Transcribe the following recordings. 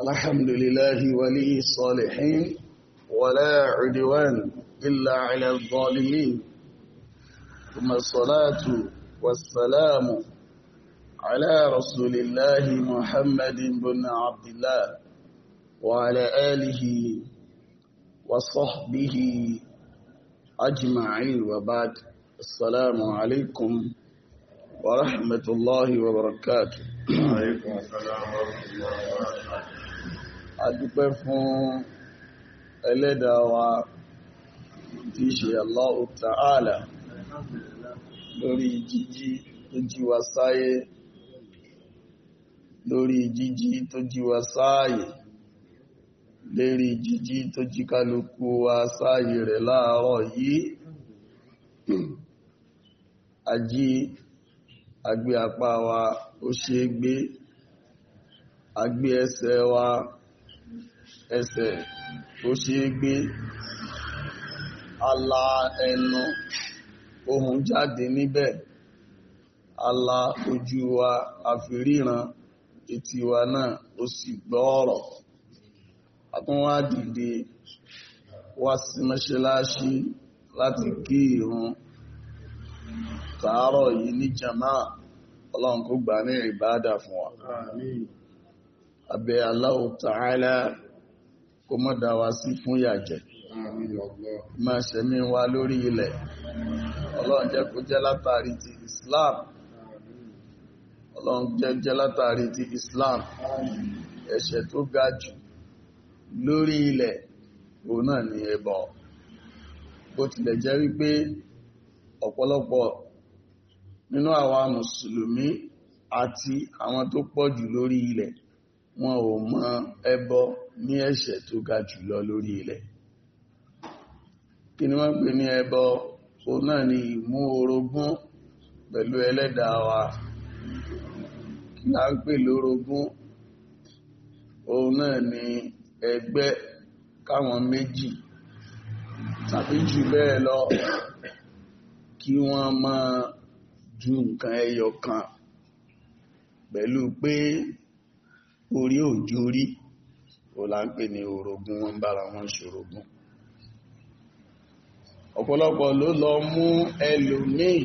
الحمد لله ولي الصالحين ولا عدوان إلا على الظالمين ثم الصلاة والسلام على رسول الله محمد بن عبد الله وعلى آله وصحبه أجمعين وبعد السلام عليكم ورحمة الله وبركاته وعليكم السلام ورحمة الله وبركاته adúpẹ́ fún ẹlẹ́dàá wa tí í ṣe Allahu Ta'ala lórí jíjí tó jí wa sáyé lórí jíjí tó jí wa sáyé lérí jíjí tó jí kálukú wa sáyé rẹ̀ láàárọ̀ yìí ají agbé apá wa ó ṣe gbé agbé wa ẹsẹ̀ tó ṣe gbé ala ẹnu ohun jáde níbẹ̀ ala ojú wa àfiríran etí wa náà ó sì gbọ́ ọ̀rọ̀ àtúnwá dìde wá sí mọ́ṣáláṣí láti kí ìrun tàárọ̀ yìí ní jama ọlọ́run gbà ní ìbádà fún wa àmín abẹ́ Allahu kó má dá wa sí fún yàjẹ́ máa ṣẹ̀mí wa lórí ilẹ̀ ọlọ́run jẹ́ kó jẹ́ látàrí ti Islam ọlọ́run jẹ́ jẹ́ látàrí ti Islam ẹ̀ṣẹ̀ tó ga jù lórí ilẹ̀ òun náà ni ẹbọ bó tilẹ̀ jẹ́ wípé ọ̀pọ̀lọpọ̀ nínú àwa mùsùlùmí àti àwọn tó pọ̀ jù lórí ilẹ̀ wọn ò mọ ẹbọ ní ẹ̀ṣẹ̀ tó ga jùlọ lórí ilẹ̀ kí ni wọ́n pè ní ẹbọ o náà ni ìmú orogún pẹ̀lú ẹlẹ́dàá wa kí a ń pè lórogún o náà ni ẹgbẹ́ káwọn méjì tàbí jù bẹ́ẹ̀ lọ kí wọ́n máa ju nǹkan ẹyọ kan pẹ̀lú pé orí òjò rí. ó là ń pè ní orogun wọ́n bára wọn ṣorogún ọ̀pọ̀lọpọ̀ ló lọ mú ẹlòmíì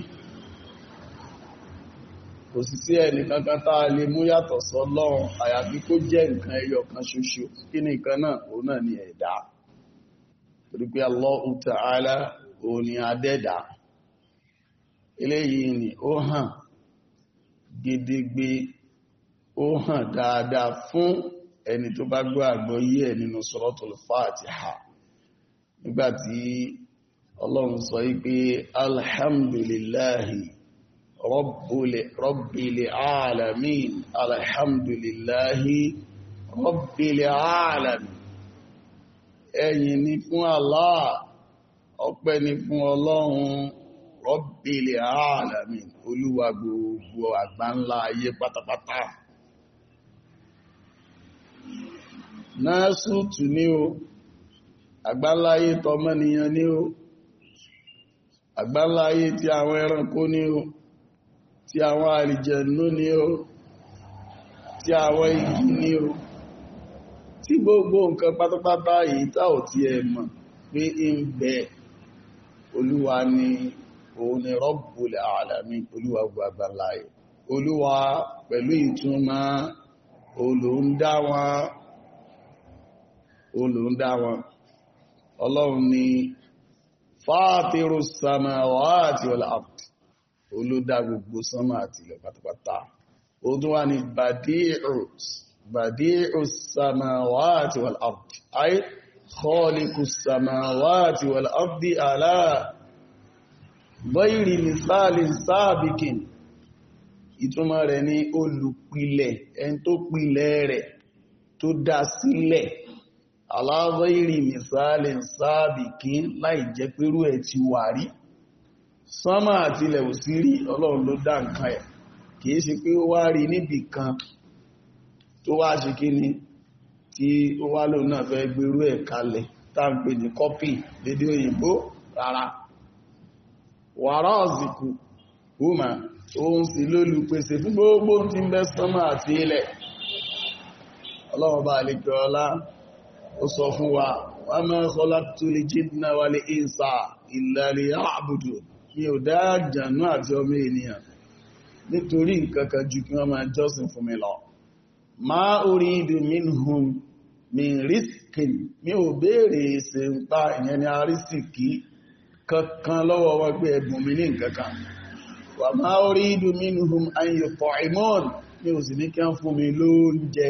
kò sí sí ẹni kankan tá a lè mú yàtọ̀ sọ́lọ́run àyàfi kó jẹ́ nǹkan ẹyọ kan ṣoṣo kí ni nǹkan náà òun náà ni ẹ̀dá torí pé Allahu Ta'ala òun ni adẹ́dà eléyìí ni ó hàn gedegbe ó hàn dáadáa fún ẹni tó bá gbọ́ àgbọ́yé ẹ̀ nínú suratul Fatiha nígbàtí ọlọ́run sọ wípé alhamdulillahi rabbil alamin alhamdulillahi rabbil alamin ẹ̀yìn ni fún Allah ọpẹ́ ni fún ọlọ́run rabbil alamin olúwa gbogbo àgbáńlá ayé pátápátá. náà sútù ní o àgbáláyé tọmọnìyàn ní o àgbáláyé ti àwọn ẹranko ní o ti àwọn àlìjẹ̀nú ní o ti àwọn igi ní o tí gbogbo nǹkan pátápátá yìí tá ò ti ẹ̀ mọ̀ pé ń bẹ olúwa ni òun ni Rabbul Alamin olúwa gbogbo àgbáláyé olúwa pẹ̀lú ìtumọ̀ olóńdá olùndá wọn ọlọ́run ni fàátírù sàmà wàátí wal ard olùdá gbogbo sánmà àti ilẹ̀ pátápátá ó tún wá ní bàdí'ù sàmà wàátí wal ard ay khaliqu sàmà wàátí wal ard ala ghairi mithali sabiqin ìtumọ̀ rẹ̀ ni olùpìlẹ̀ ẹni tó pìlẹ̀ rẹ̀ tó dá sílẹ̀ aláwọ̀ ìrìn misalin sabiqin láì jẹ́ pérú ẹ̀ ti wà rí sánmà àti ilẹ̀ ò ọlọ́run ló dá nǹkan ẹ̀ kìí ṣe pé ó wá rí níbì kan tó wá ṣe kí ni tí ó wá lóun náà fẹ́ gbérú ẹ̀ kalẹ̀ táǹpé ní kọ́pì gbogbo ń àti ilẹ̀ ọlọ́run bá ó sọ fún wa wa ma khalaqtul jinna wal insa illa liya'budun mi ò dá àjànú àti ọmọ ènìyàn nítorí nǹkan kan jù kí wọ́n máa jọ́sìn fún mi lọ ma min rizqin mi ò béèrè ìsìn pa ìyẹn ni arísìkí kankan lọ́wọ́ wọn pé ẹ̀bùn mi ní nǹkan kan wà máa orí ìdù minhum ayò pọ̀ ní kí wọ́n fún mi lóúnjẹ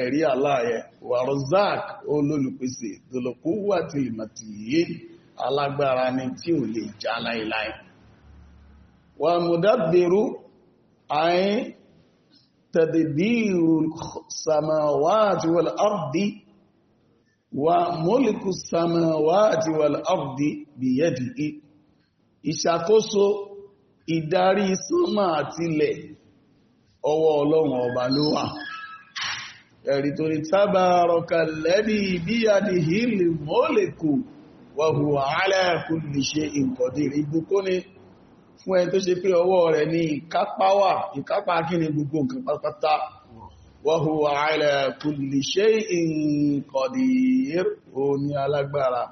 ẹ̀rí aláàyẹ wà Razak olólùpèsè tòlòkó wà tí lè màtí yé alágbára ni tí ò lè já láìláì wà mùdábìrú àyín tàdìdìrù samawati wal ardi wà múlìkù samawati wal ardi biyadihi ìṣàkóso ìdarí sánmà àtilẹ̀ ọwọ́ ọlọ́run ọba ló wà ẹ̀rí torí tábàrọ̀kà lẹ́dí bí a ní hìlì mọ́lẹ̀kù wọ̀hù aláàkùn lè ṣe ìkọ̀dí ìbùkún ni fún ẹ tó ṣe pé ọwọ́ rẹ̀ ní ìkápá ìkápá kí ni gbogbo nǹkan pátápátá wọ̀hù aláàkùn lè ṣe ìkọ̀dí òní alágbára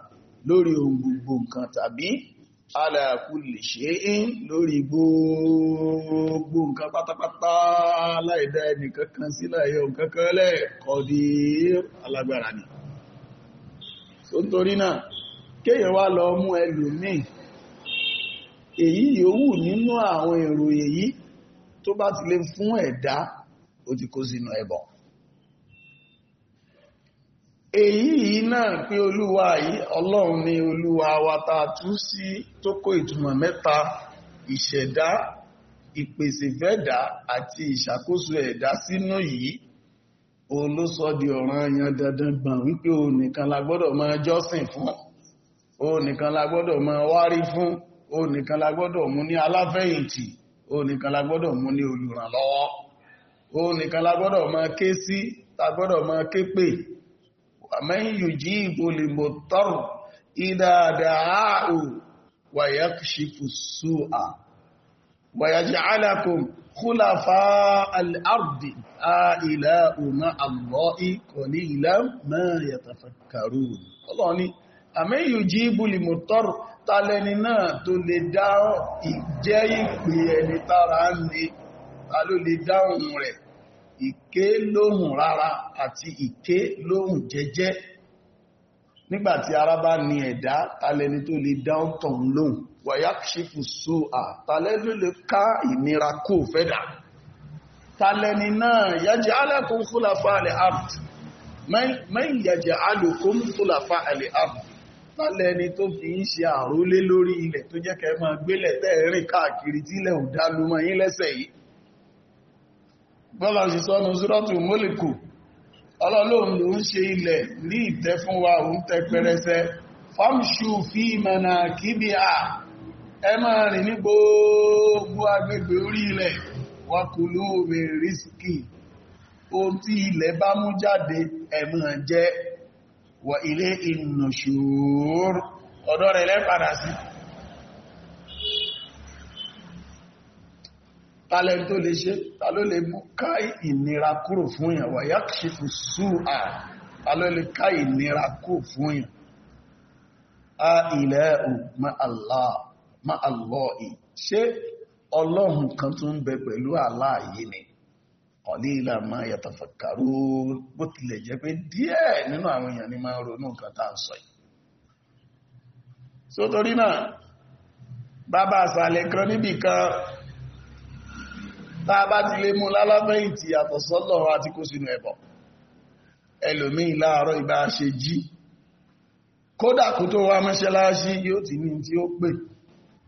lórí ohun gbogbo nǹkan tàbí ala kulli shay'in lórí gbogbo nǹkan pátápátá láìdá ẹnìkan kan sí láyé nǹkan kan lẹ́ qadir alágbára ni tó ń torí náà kéèyàn wá lọ mú ẹlòmíì èyí yòówù nínú àwọn èrò èyí tó bá ti lè fún ẹ̀dá ó ti kó sínú ẹbọ èyí náà pé olúwa yìí ọlọ́run ni olúwa wa ta tú sí tó kó ìtumọ̀ mẹ́ta ìṣẹ̀dá ìpèsè fẹ́dà àti ìṣàkóso ẹ̀dá sínú yìí òun ló sọ di ọ̀ranyàn dandan gbọ̀n wípé òun nìkan la gbọ́dọ̀ máa jọ́sìn fún òun nìkan la gbọ́dọ̀ máa wárí fún òun nìkan la gbọ́dọ̀ mú ní aláfẹ̀yìntì òun nìkan la gbọ́dọ̀ mú ní olùrànlọ́wọ́ òun nìkan la gbọ́dọ̀ máa ké sí ta gbọ́dọ̀ máa ké pè ومن يجيب المضطر إذا دعاه ويكشف السوء ويجعلكم خلفاء الأرض آإلاء مع الله قليلا ما يتفكرون الله ni àmì yujibu lè mọ̀tọ́rù tàlẹ́ni náà tó lè dáhùn ìjẹ́ ìpè ìké lóhùn rárá àti ìké lóhùn jẹ́jẹ́ nígbàtí ara bá ní ẹ̀dá talẹni tó lè dáhùn tàn lóhùn wàyá ṣífù so à talẹ́lú lè ká ìnira kó fẹ́dà talẹni náà yájẹ́ alákùn fúlàfà alẹ́ abd mẹ́yìn yájẹ́ alùkùn fúlàfà alẹ́ abd talẹni tó fi ń ṣe àrólé lórí ilẹ̀ tó jẹ́ kẹ́ máa gbélẹ̀ tẹ́ẹ̀rìn káàkiri tílẹ̀ ò dálúmọ́ yín lẹ́sẹ̀ yìí bọ́lá ṣe sọ́nu sírọ́tù mólìkù ọlọ́lọ́un ló ń ṣe ilẹ̀ ní ìtẹ́ fún wa òun tẹ pẹrẹsẹ fọ́mṣù fi ìmọ̀nà kíbi à ẹ máa rìn ní gbogbo agbègbè orí ilẹ̀ wakùlú omi rìsíkì tí ilẹ̀ bá mú jáde tálẹ́ tó lè ṣe ta ló lè mú ká ìnira kúrò fún èèyàn wà yá ṣe fún súà ta lè ká ìnira kúrò fún èèyàn a ilẹ̀ ma Allah ṣé ọlọ́run kan tún ń bẹ pẹ̀lú aláàyè ni ọ̀lẹ́ ìlà máa yàtọ̀ fàkàrú bó tilẹ̀ jẹ́ pé díẹ̀ nínú àwọn èèyàn ni máa ń ronú nǹkan tá à ń sọ yìí sótorí náà bàbá àsàlẹ̀ kan níbì kan tá a bá ti lè mú lálábẹ́yìntì yàtọ̀ sọ́lọ́run àti kó sínú ẹbọ ẹlòmíì láàárọ̀ ìbá ṣe jí kódà kó tó wá mọ́ṣáláṣí yóò ti ní tí ó pè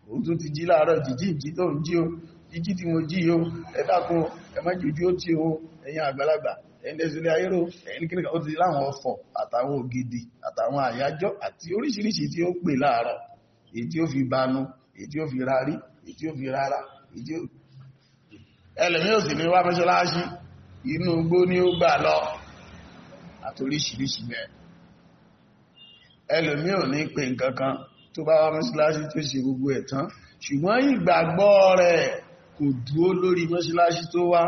òun tún ti jí láàárọ̀ jíjí jí tó ń jí o jíjí tí mo jí o ẹ dákun ẹ má jòjú ó tí o ẹ̀yin àgbàlagbà ẹ̀ndẹ̀sílẹ̀ ẹlẹ̀mí ò sì ní wá mọ́ṣáláṣí inú igbó ni ó gbà lọ àtoríṣiríṣi bẹ́ẹ̀ ẹlẹ̀mí ò ní pè nǹkan kan tó bá wá mọ́ṣáláṣí tó ṣe gbogbo ẹ̀ tán ṣùgbọ́n ìgbàgbọ́ rẹ̀ kò dúó lórí mọ́ṣáláṣí tó wá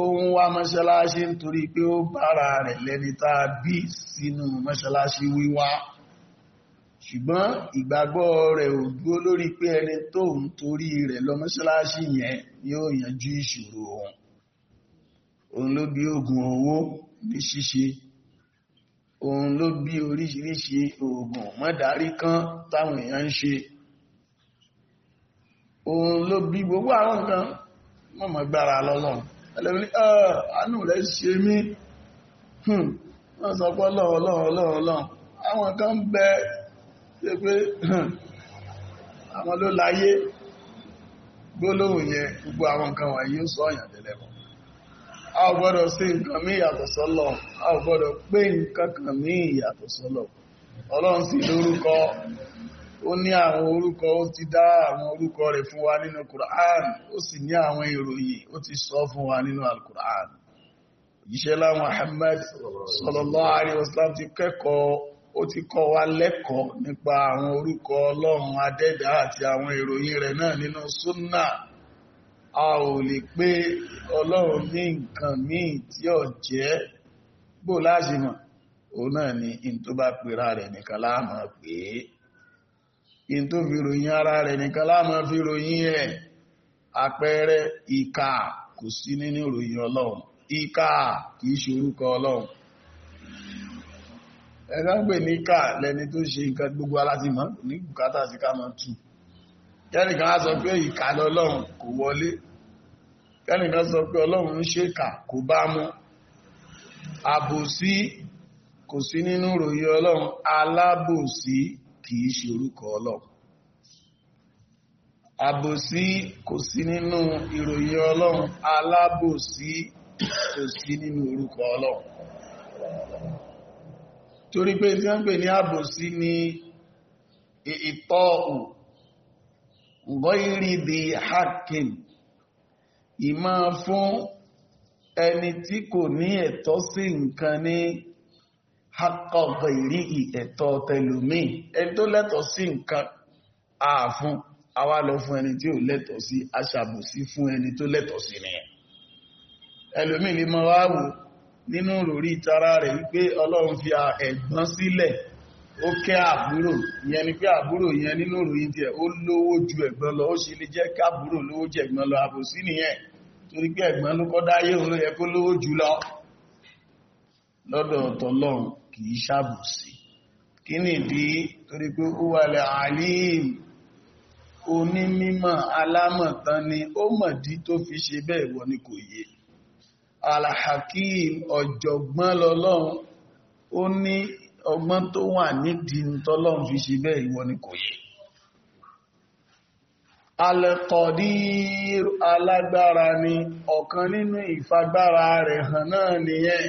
ó ń wá mọ́ṣáláṣí nítorí pé ó bára rẹ̀ lẹ́ni tá a bí sínú mọ́ṣáláṣí wíwá ṣùgbọ́n ìgbàgbọ́ rẹ̀ ò dúró lórí pé ẹni tó ń torí rẹ̀ lọ mọ́ṣáláṣí yẹn yóò yanjú ìṣòro òun òun ló bí oògùn owó ní ṣíṣe òun ló bí oríṣiríṣi oògùn mọ́dárí kan táwọn èèyàn ń ṣe òun ló bí gbogbo àwọn nǹkan mọ̀mọ́ gbára lọ́lọ́run ẹlẹ́mìí àánú rẹ̀ ṣe mí hmm. wọ́n sọ pé lọ́wọ́ àwọn kan bẹ́ẹ̀ ṣe pé àwọn ló láyé gbólóhùn yẹn gbogbo àwọn nǹkan wọ̀nyí ó sọ ọ̀yàn tẹ́lẹ̀mọ́ a ò gbọ́dọ̀ sí nǹkan mí ìyàtọ̀ sọ́lọ̀ a ò gbọ́dọ̀ pé nǹkan kan mí ìyàtọ̀ sọ́lọ̀ ọlọ́run sì lórúkọ ó ti dá àwọn orúkọ rẹ̀ fún wa nínú Qur'an ó sì ní àwọn ìròyìn ó ti sọ fún wa nínú al ahmed ti kẹ́kọ̀ọ́ ó ti kọ́ wa lẹ́kọ̀ọ́ nípa àwọn orúkọ ọlọ́run adẹ́dá àti àwọn ìròyìn rẹ̀ náà nínú súnnà a ò lè pé ọlọ́run ní nǹkan míì tí ó jẹ́ bó láṣìmọ̀ òun náà ni in tó bá pèrà rẹ̀ nìkan láàmà pé in tó fi ròyìn ara rẹ̀ nìkan láàmà fi ròyìn ẹ̀ àpẹẹrẹ ìkà kò sí nínú ìròyìn ọlọ́run ìkà kìí ṣe orúkọ ọlọ́run ẹgbẹ́ ní ká lẹni tó ṣe nǹkan gbogbo aláti mọ́ ní bùkátà sí ká mọ́ tù kẹ́nìkan á sọ pé ìkà lọ́lọ́run kò wọlé kẹ́nìkan sọ pé ọlọ́run ń ṣèkà kò bá mú àbòsí kò sí nínú ròyìn ọlọ́run alábòsí kìí ṣe orúkọ ọlọ́run àbòsí kò sí nínú ìròyìn ọlọ́run alábòsí kò sí nínú orúkọ ọlọ́run torí pé tí wọ́n pè ní àbòsí ní ìtọ́ọ̀hù gọ́ìrì di hakim ìmọ̀ fún ẹni tí kò ní ẹ̀tọ́ sí nǹkan ní hakọ̀ọ̀kọ̀ ìrí ẹ̀tọ́ tẹlùmí ẹni tó lẹ́tọ̀ sí nǹkan ààfún àwa lọ fún ẹni tí ò lẹ́tọ̀ sí aṣàbòsí fún ẹni tó lẹ́tọ̀ sí nìyẹn ẹlòmí lè mọ́ wá nínú lórí ìtara rẹ̀ wípé ọlọ́run fi ẹ̀gbọ́n sílẹ̀ ó kẹ́ àbúrò ìyẹn ni pé àbúrò ìyẹn nínú ìròyìn tiẹ̀ ó lówó ju ẹ̀gbọ́n lọ ó sì lè jẹ́ káàbúrò lówó ju ẹ̀gbọ́n lọ àbòsí nìyẹn torí pé ẹ̀gbọ́n ló kọ́ dáyé òun ló yẹ kó lówó jù lọ lọ́dọ̀ tọlọ́run kì í ṣàbòsí kí ni ìdí torí pé ó wà lẹ́ àlìm onímímọ̀ alámọ̀tán ni ó mọ̀dí tó fi ṣe bẹ́ẹ̀ wọ́n ni kò yé alahakim ọ̀jọ̀gbọ́n lọ́lọ́run ó ní ọgbọ́n tó wà nídìí tọ́lọ́run fi ṣe bẹ́ẹ̀ ìwọ ni kò yẹ alẹ́kọ̀ọ́dír alágbára ni ọ̀kan nínú ìfagbára rẹ̀ hàn náà nìyẹn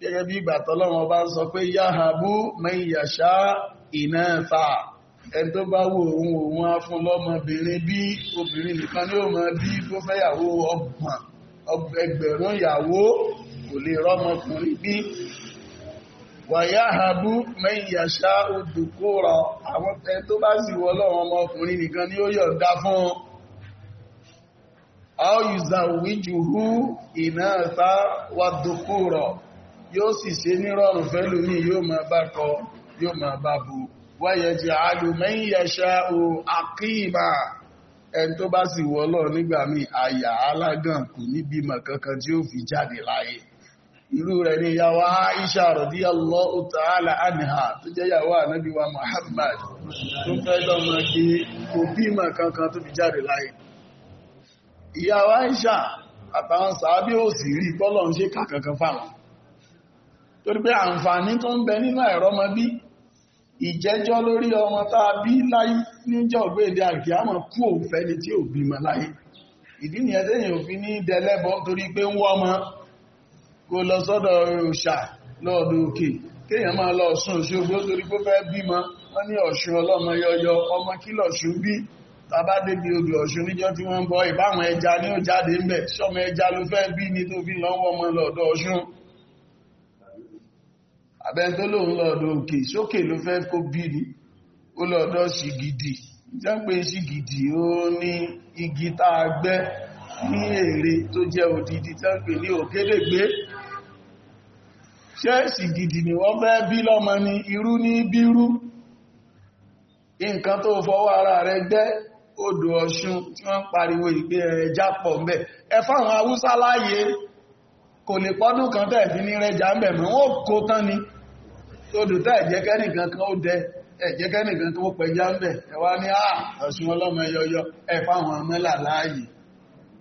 gẹ́gẹ́ bí ìbàtọ́lọ́run ọba sọ pé yahabu mẹ́yàṣá ìnáta ẹni tó bá wo òun òun á fún lọ́mọbìnrin bí obìnrin nìkan ni ó mọ bí tó fẹ́yàwó ọgbọ̀n ẹgbẹ̀rún ìyàwó kò lè rọ́mọkùnrin bí wàyáhàbú mẹ́yàṣá odòkóra àwọn tẹ tó bá sì wọ́ lọ́wọ́ ọmọkùnrin nìkan ni ó yọ̀ǹda fún ọ́yùzàwíjùhú ìnáta wàdòkóra yóò sì ṣe nírọ̀rùn fẹ́lómi yóò máa bá kọ yóò máa bá bu wáyẹ̀jẹ̀ alùmẹ́yàṣá o àkíyìmá ẹni tó bá sì wọ Ọlọ́run nígbà míì àyà alágàn kò ní bímọ kankan tí ó fi jáde láyé irú rẹ̀ ni ìyàwó Aisha radiyallahu ta'ala anha tó jẹ́ ìyàwó ànábì wa Muhammad tó fẹ́ lọ́mọ kí kò bímọ kankan tó ìjẹ́jọ́ lórí ọmọ tá a bí láyé níjọ́ gbéde àkíyàmọ̀ kú òfẹ́ ni tí ò bímọ láyé ìdí nìyẹn tẹ́yìn òfin ní dẹlẹ́bọ torí pé ń wọ́ ọmọ kó lọ sọ́dọ̀ òòṣà lọ́ọ̀dọ̀ òkè kéèyàn máa lọ Ọ̀ṣun Òṣogbo torí pé fẹ́ bímọ wọ́n ní Ọ̀ṣun ọlọ́mọ yọyọ ọmọ kí lọ̀ṣun bí tàbá débi odò Ọ̀ṣun níjọ́ tí wọ́n ń bọ ìbáwọn ẹja ní ó ń bẹ̀ ṣọmọ ẹja ló fẹ́ bí ni tó fi lọ́wọ́ ọmọ lọ́dọ̀ Ọ̀ṣun abẹ́ni tó lóun lọ́ọ̀dọ̀ òkè sókè ló fẹ́ kó bí ní ó lọ́ọ̀dọ̀ sí gidi jápé sí gidi ó ní igi tá gbẹ́ ní èrè tó jẹ́ òdìdí jápé ní òkèlègbé ṣẹ́ẹ̀sì gidi ni wọ́n fẹ́ bí lọ́mọ ni irú ní bírú nǹkan tó fọwọ́ ara rẹ̀ gbẹ́ odò ọ̀ṣun tí wọ́n pariwo ìgbé ẹja pọ̀ mẹ́ ẹ fáwọn haúsá láàyè kò lè pọ́dún kan tẹ̀ fi ní rẹjà ń bẹ̀ mọ́ ó kó tán ni odòtá ẹ̀jẹ́kẹ́ nìkan kan ó dẹ ẹ̀jẹ́kẹ́ nìkan kan ó pẹja ń bẹ̀ ẹwà ní à ọlọ́mọ yọyọ ẹ̀fà àwọn ọmọlà láàyè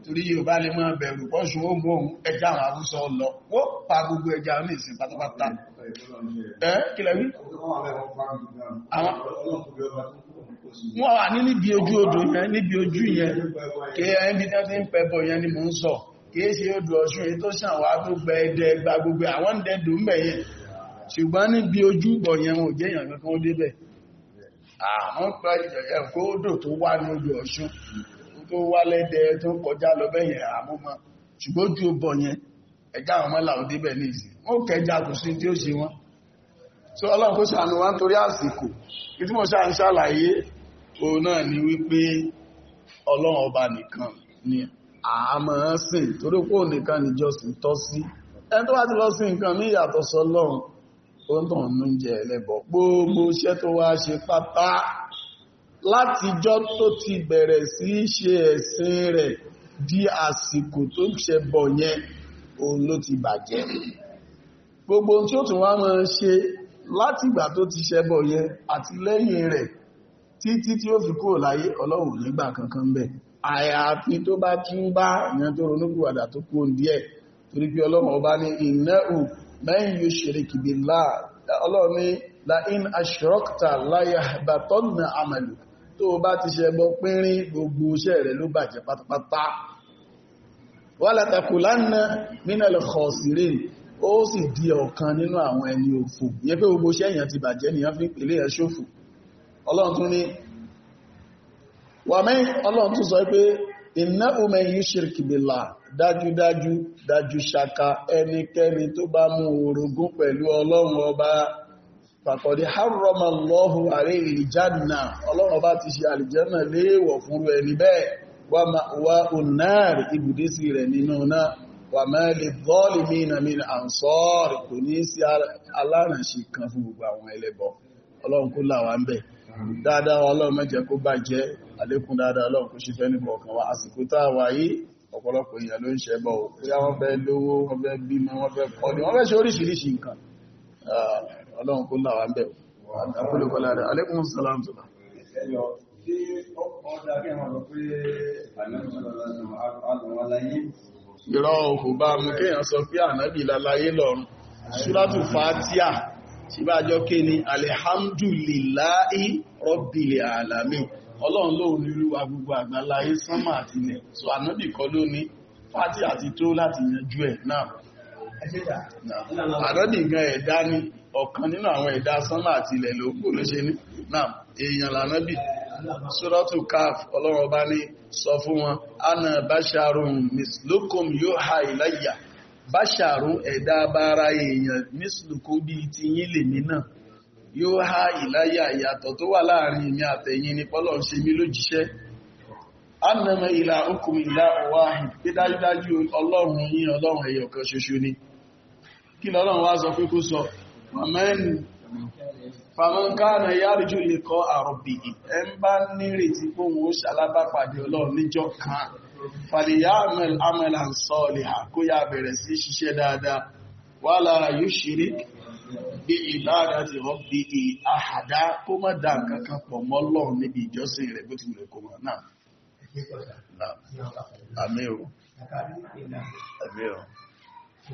torí yóò bá lè máa bẹ̀rù pọ́ṣùn ó mọ́ ohun ẹja àwọn arúsọ lọ pa gbogbo ẹja ní ìsìn pátápátá wọ́n wà ní níbi ojú odò yẹn níbi ojú yẹn kí tẹ́ ti ń pẹ́bọ̀ yẹn ni mò ń sọ kìí ṣe odò Ọ̀ṣun èyí tó ṣàn ṣùgbọ́n níbi ojúbọ yẹn wọn ò jẹ́yàn kankan ó débẹ̀ àwọn ẹ̀kọ́ odò tó wà ní odò ọ̀ṣun tó wà lẹ́dẹ̀ tó kọjá lọ bẹ́yẹn àmúmọ́ ṣùgbọ́n ojú ọbọ̀ yẹn ẹja àwọn mọ́là ó débẹ̀ ní ìsìn wọ́n kẹja kò sí tí ó ṣe wọ́n so ọlọ́run kó ṣàánú wa nítorí àsìkò ìtí mo ṣáà ń ṣàlàyé òun náà ni wípé ọlọ́run ọba nìkan ni àmọ́ sìn torí pé òun nìkan níjọsìn tọ́ sí ẹni tó bá ti lọ sí nǹkan ní ìyàtọ̀ sọlọ́run ó ń tàn ní oúnjẹ ẹlẹ́bọ gbogbo iṣẹ́ tó wá ṣe pátá látijọ́ tó ti bẹ̀rẹ̀ sí ṣe ẹ̀sìn rẹ̀ di àsìkò tó ṣe bọ̀ yẹn òun ló ti bàjẹ́ gbogbo tí ó tún wá máa ṣe láti ìgbà tó ti ṣẹbọ yẹn àti lẹ́yìn rẹ̀ títí tí ó fi kúrò láyé ọlọ́run nígbà kankan bẹ̀ àyàfi tó bá tún bá ìyẹn tó ronúkúwàdà tó kú díẹ̀ torí pé ọlọ́run ọba ní ìnáhùn man yushrik billah ọlọ́run ní la in ashrakta la yahbatanna amalu tó bá ti ṣẹbọ pínrín gbogbo iṣẹ́ rẹ̀ ló bàjẹ́ pátápátá wala takulanna minal khasirin ó sì di ọ̀kan nínú àwọn ẹni òfò yẹ pé gbogbo iṣẹ́ èèyàn ti bàjẹ́ innahu man yushrik billah dájúdájú dájú ṣaka ẹnikẹ́ni tó bá mú orogún pẹ̀lú ọlọ́run ọba fàkọ̀dé harramallahu alayhi aljanna ọlọ́run ọba ti ṣe aljanna léèwọ̀ fún ẹni bẹ́ẹ̀ wà ibùdísí rẹ̀ nínú wà lè bọ́ọ̀lì mìíràn mìíràn kò ní sí dáadáa wa Ọlọ́run má jẹ́ kó bàjẹ́ dáadáa Ọlọ́run kó ṣe fẹ́ níbọ̀ ọ̀kan wa àsìkò táà yìí ọ̀pọ̀lọpọ̀ èèyàn ló ń ṣẹbọ wọ́n fẹ́ lówó wọ́n fẹ́ bímọ wọ́n fẹ́ kọ́ni wọ́n fẹ́ ṣe oríṣiríṣi nǹkan ah, Ọlọ́run kó ń bẹ̀ tí bá jọ ké ní alihamdulillahi rabbil alamin ọlọ́run lóhun ní olúwa gbogbo àgbáláyé sánmà àti ilẹ̀ so ànábì kọ́ ló ní fàtí àti tó láti yanjú ẹ̀ náà ànábì gan ẹ̀dá ní ọ̀kan nínú àwọn ẹ̀dá sánmà àti ilẹ̀ lókù ló ṣe ní náà èèyàn lànábì suratul Kahf ọlọ́run ọba ní sọ fún wọn ana basharun mislukum yuha ilayya báṣàrún ẹ̀dá abára èèyàn nísìlùkú bí ti yín lèmi náà yóò há ìláyà ìyàtọ̀ tó wà láàrin èmi àtẹ̀yìn ní pọ́lọ̀ ṣe mí lójíṣẹ́ annama ìlà okùn ìlà wahid pé dájúdájú ọlọ́run yín ni kí wá sọ sọ fàmọ́nkánà yárìjú lè kọ́ ẹ̀ ń bá nírètí pé òun ó fàlìyàmẹ́l amẹ́lá ń sọ ọ̀lẹ́hà kó bẹ̀rẹ̀ sí ṣiṣẹ́ dáadáa wà lára yóò ṣeré bí ìbáadá ti rọ́ bí i àhàdá kó má dá nǹkan kan pọ̀ mọ́ níbi ìjọsìn rẹ̀ bó ti rẹ̀ kó náà o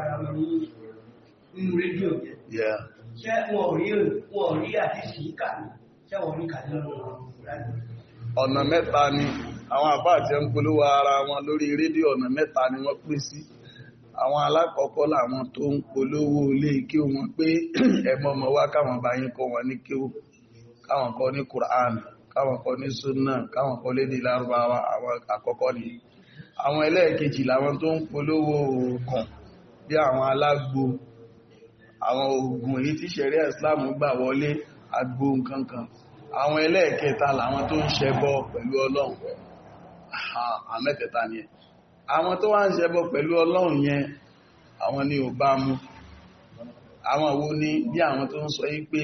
ara wọn ní rédíò ṣé wọn ò rí àti ọ̀nà mẹ́ta ni àwọn àbá àti ẹnkúlówó ara wọn lórí rédíò ọ̀nà mẹ́ta ni wọ́n pín sí àwọn alákọ̀ọ́kọ́ làwọn tó ń polówó ilé kí wọn pé ẹ̀mọ́ ọmọ wá káwọn bá kọ́ wọn ní kéwú káwọn kọ́ ní Quran káwọn kọ́ ní sunna káwọn kọ́ lédè lárúbáwá àwọn àkọ́kọ́ ni àwọn ẹlẹ́ẹ̀kejì làwọn tó ń polówó oògùn bí àwọn alágbo àwọn oògùn èyí tí ṣẹ̀ríà Islam gbà wọlé àgbo nkankan àwọn ẹlẹ́ẹ̀kẹta làwọn tó ń ṣẹbọ pẹ̀lú ọlọ́run àmẹ́tẹ̀ta ni ẹ àwọn tó wá ń ṣẹbọ pẹ̀lú ọlọ́run yẹn àwọn ni ò bá mú àwọn wo ni bí àwọn tó ń sọ yí pé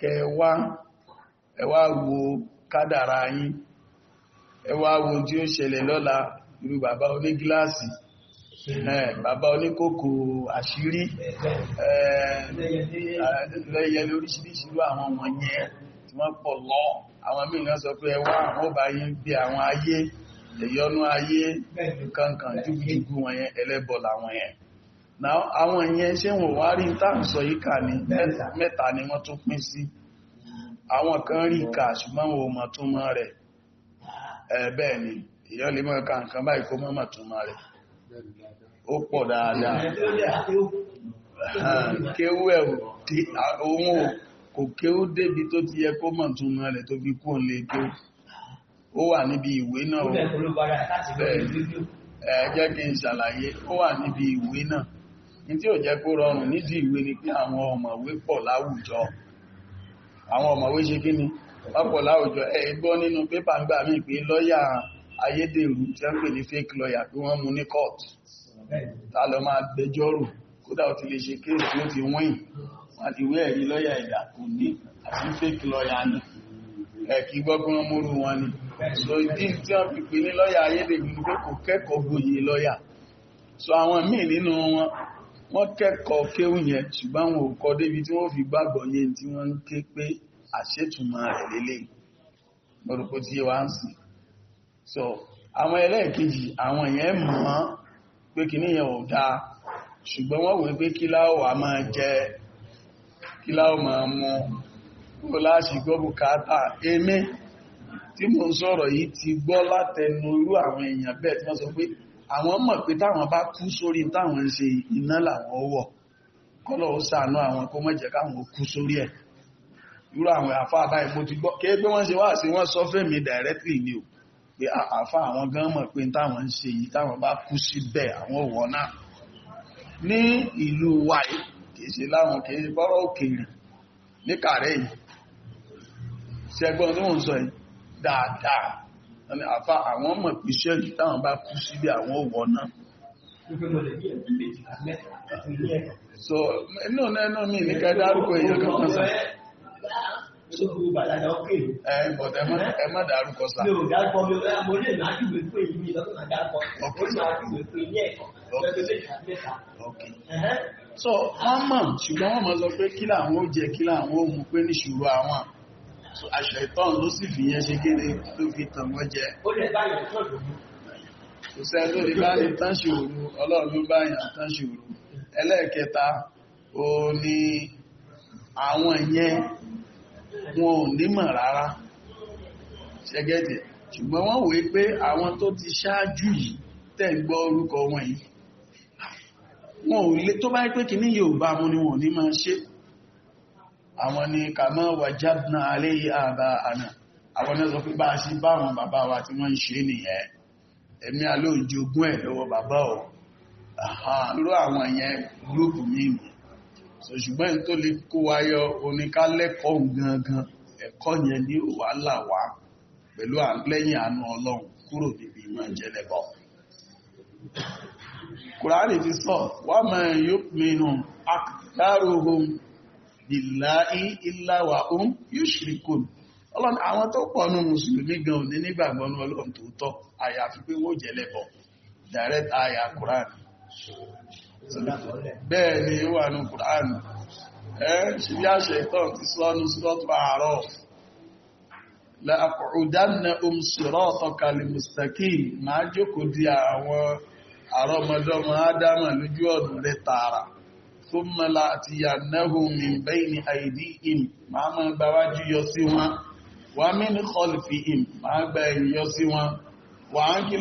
kẹwà ẹwà wo kádàrá yín ẹwà wo tí ó ṣẹlẹ̀ lọ́la irú bàbá onígíláàsì Eh, bàbá oníkòkò àṣírí eh, eh, lẹ́yẹ lóríṣìíríṣìí àwọn ọmọ yẹn tí wọ́n pọ̀ lọ àwọn mìíràn sọ pé ẹwà àwọn ọba yìí ń gbé àwọn ayé ìyọnú ayé kankan jùgbùjùgbù wọn yẹn ẹlẹ́bọ̀ làwọn yẹn àwọn yẹn ṣé wọn wá rí ní mẹ́ta ni wọ́n tún pín sí àwọn kan rí ṣùgbọ́n wọn ò mọ̀ ni ìyọ́ ó pọ̀ dáadáa kéwú ẹ̀ òun kò kéwú débi tó ti yẹ kó mọ̀ tún mọ́ rẹ̀ tó bí kú òun lè kéwú ó wà níbi ìwé náà ya jẹ́ kí n ṣàlàyé ó wà níbi ìwé náà ní tí ò jẹ́ kó rọrùn nídìí ìwé ni pé àwọn pọ̀ láwùjọ àwọn ṣe kí ni wọ́n pọ̀ láwùjọ nínú pépà ń gbà mí pé ayédèrú tí wọ́n pè ní fake lawyer pé wọ́n mú ní court tá lọ máa gbẹjọ́rò kódà ó ti lè ṣe kéèsì tí ó ti wọ́n wọ́n ti wé ẹ̀rí lọ́yà ẹ̀dà kò ní àti fake lawyer ni ẹ̀kí gbọ́gbọ́n múrú wọn ni so ìdí tí wọ́n fi pè ní lọ́yà ayédèrú ni pé kò kẹ́kọ̀ọ́ gboyè lọ́yà so àwọn míì nínú wọn wọ́n kẹ́kọ̀ọ́ kéwù yẹn ṣùgbọ́n wọn ò kọ́ débi tí wọ́n fi gbàgbọ́ yẹn tí wọ́n ń ké pé àṣètùmọ̀ rẹ̀ lélẹ̀ gbọ́dọ̀ kó tí wọ́n á sìn so àwọn ẹlẹ́ẹ̀kejì àwọn yẹn mọ̀ pé kìíní yẹn ò dáa ṣùgbọ́n wọ́n wòó pé kí láò wà máa jẹ kí láò máa mu kúrò láàṣì gbọ́ bùkátà èmi tí mo ń sọ̀rọ̀ yìí ti gbọ́ látẹnu irú àwọn èèyàn bẹ́ẹ̀ tí wọ́n sọ pé àwọn mọ̀ pé táwọn bá kú sórí táwọn ń ṣe iná làwọn wọ̀ kọ́lọ̀ ó ṣàánú àwọn kó má káwọn kú sórí ẹ̀ irú àwọn àfáà báyìí mo ti gbọ́ kí ẹgbẹ́ wọ́n ṣe wá sí wọ́n sọ fẹ́mi directly ni o pé àfá àwọn gan mọ̀ pé táwọn ń ṣe yìí táwọn bá kú síbẹ̀ àwọn òwọ́ náà ní ìlú wa kìí ṣe láwọn kìí bọ́rọ̀ òkèèrè ní kàrẹ́ yìí ṣẹgbọ́n ní òun sọ yìí dáadáa ní àfá àwọn mọ̀ pé iṣẹ́ yìí táwọn so inú náà mi ní kẹ́ dárúkọ èèyàn kankan sókòó bàdàdà ọkè. ẹ bọ̀dẹ̀ ẹ má dárúkọ sá. mi ò dárúkọ mi ò mo lè má dùwẹ̀ fún èyí mi lọ́dún náà dárúkọ. ok ó máa dùwẹ̀ fún ilé ẹ̀kọ́. ok so wọ́n mọ̀ ṣùgbọ́n wọ́n mọ̀ sọ pé kí làwọn ó jẹ kí làwọn ó mu pé níṣòro àwọn àṣà ìtàn ló sì fi yẹn ṣe kéde tó fi tàn wọ́n jẹ. ó lè báyọ̀ tó lò ó. kò sẹ́ lórí bá ní tán ṣòro ọlọ́run ló bá wọn ò nímọ̀ rárá ṣẹgẹ́tì ṣùgbọ́n wọ́n wòye pé àwọn tó ti ṣáájú yìí tẹ́ ń gbọ́ orúkọ wọn yìí wọn ò lè tó bá pé kì ní Yorùbá mú ni wọn ní máa ṣe àwọn ni kàmọ́ wàjábná alẹ́ àbá àná àwọn náà sọ pé bá a sí bá àwọn bàbá wa tí wọ́n ń ṣe nìyẹn ẹ̀mí alóòjogún ẹ̀ lọ́wọ́ bàbá ọ̀ àhán ló àwọn ìyẹn gúrúùpù mímu ṣùgbọ́n ẹni tó lè kó wa yọ oníkálẹ́kọ̀ọ́ gangan ẹ̀kọ́ yẹn ní wàhálà wa pẹ̀lú àlẹ́yìn àánú ọlọ́run kúrò níbi ìmọ̀ ìjẹlẹ̀bọ̀. kùránì ti sọ wà máa yóò pinnu akdaruhum billahi illa wa hum yushrikun ọlọ́run àwọn tó pọ̀ nù mùsùlùmí gan òní nígbàgbọ́ nù ọlọ́run tòótọ́ àyàfi pé wọ́n jẹlẹ̀bọ̀ direct aya kùránì bẹ́ẹ̀ ni ó wà ní Qur'an ẹ́ ṣìbí àṣẹ ìtàn ti sọ́nù sọ́tù àárọ̀ láàkùrùdánà omṣìrọ̀ ọ̀tọ̀kàlì mustaqi máa jókòó di àwọn àrọmọdọ́mọ ádámà lójú ọ̀nà rẹ̀ tààrà tó mọ́lá àti yànáhùn min bayni aydihim khalfihim máa gbá ẹ̀yìn yọ sí wọn wà á kí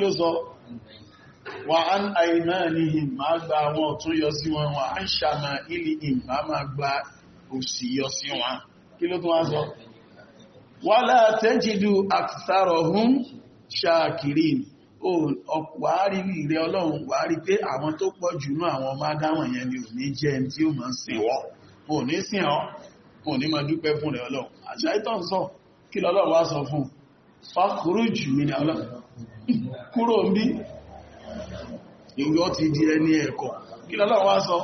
wà á ń àìmọ́ ní ìmá gba àwọn ọ̀tún yọ sí wọn wà á ń ṣàmà ilé ìmá máa gba òsì yọ sí wọn kí ló tún wá sọ wà látẹ́jìdú àtìsárọ̀hún ṣàkìrí ọ̀pọ̀árí ilẹ̀ ọlọ́run wàárí pé àwọn tó pọ̀ jù ní àwọn ọmọ adáwọn yẹn ni ò ní jẹ́ ẹni tí ó máa sìn wọ́ ò ní sìn ọ́ ò ní máa dúpẹ́ fún rẹ̀ ọlọ́run àṣà ìtàn sọ kí lọ́lọ́run wá sọ fún fàkúrú jù ni ọlọ́run kúrò ń bí ìwé ó ti di ẹni ẹ̀kọ́ kí lọ́lọ́run wá sọ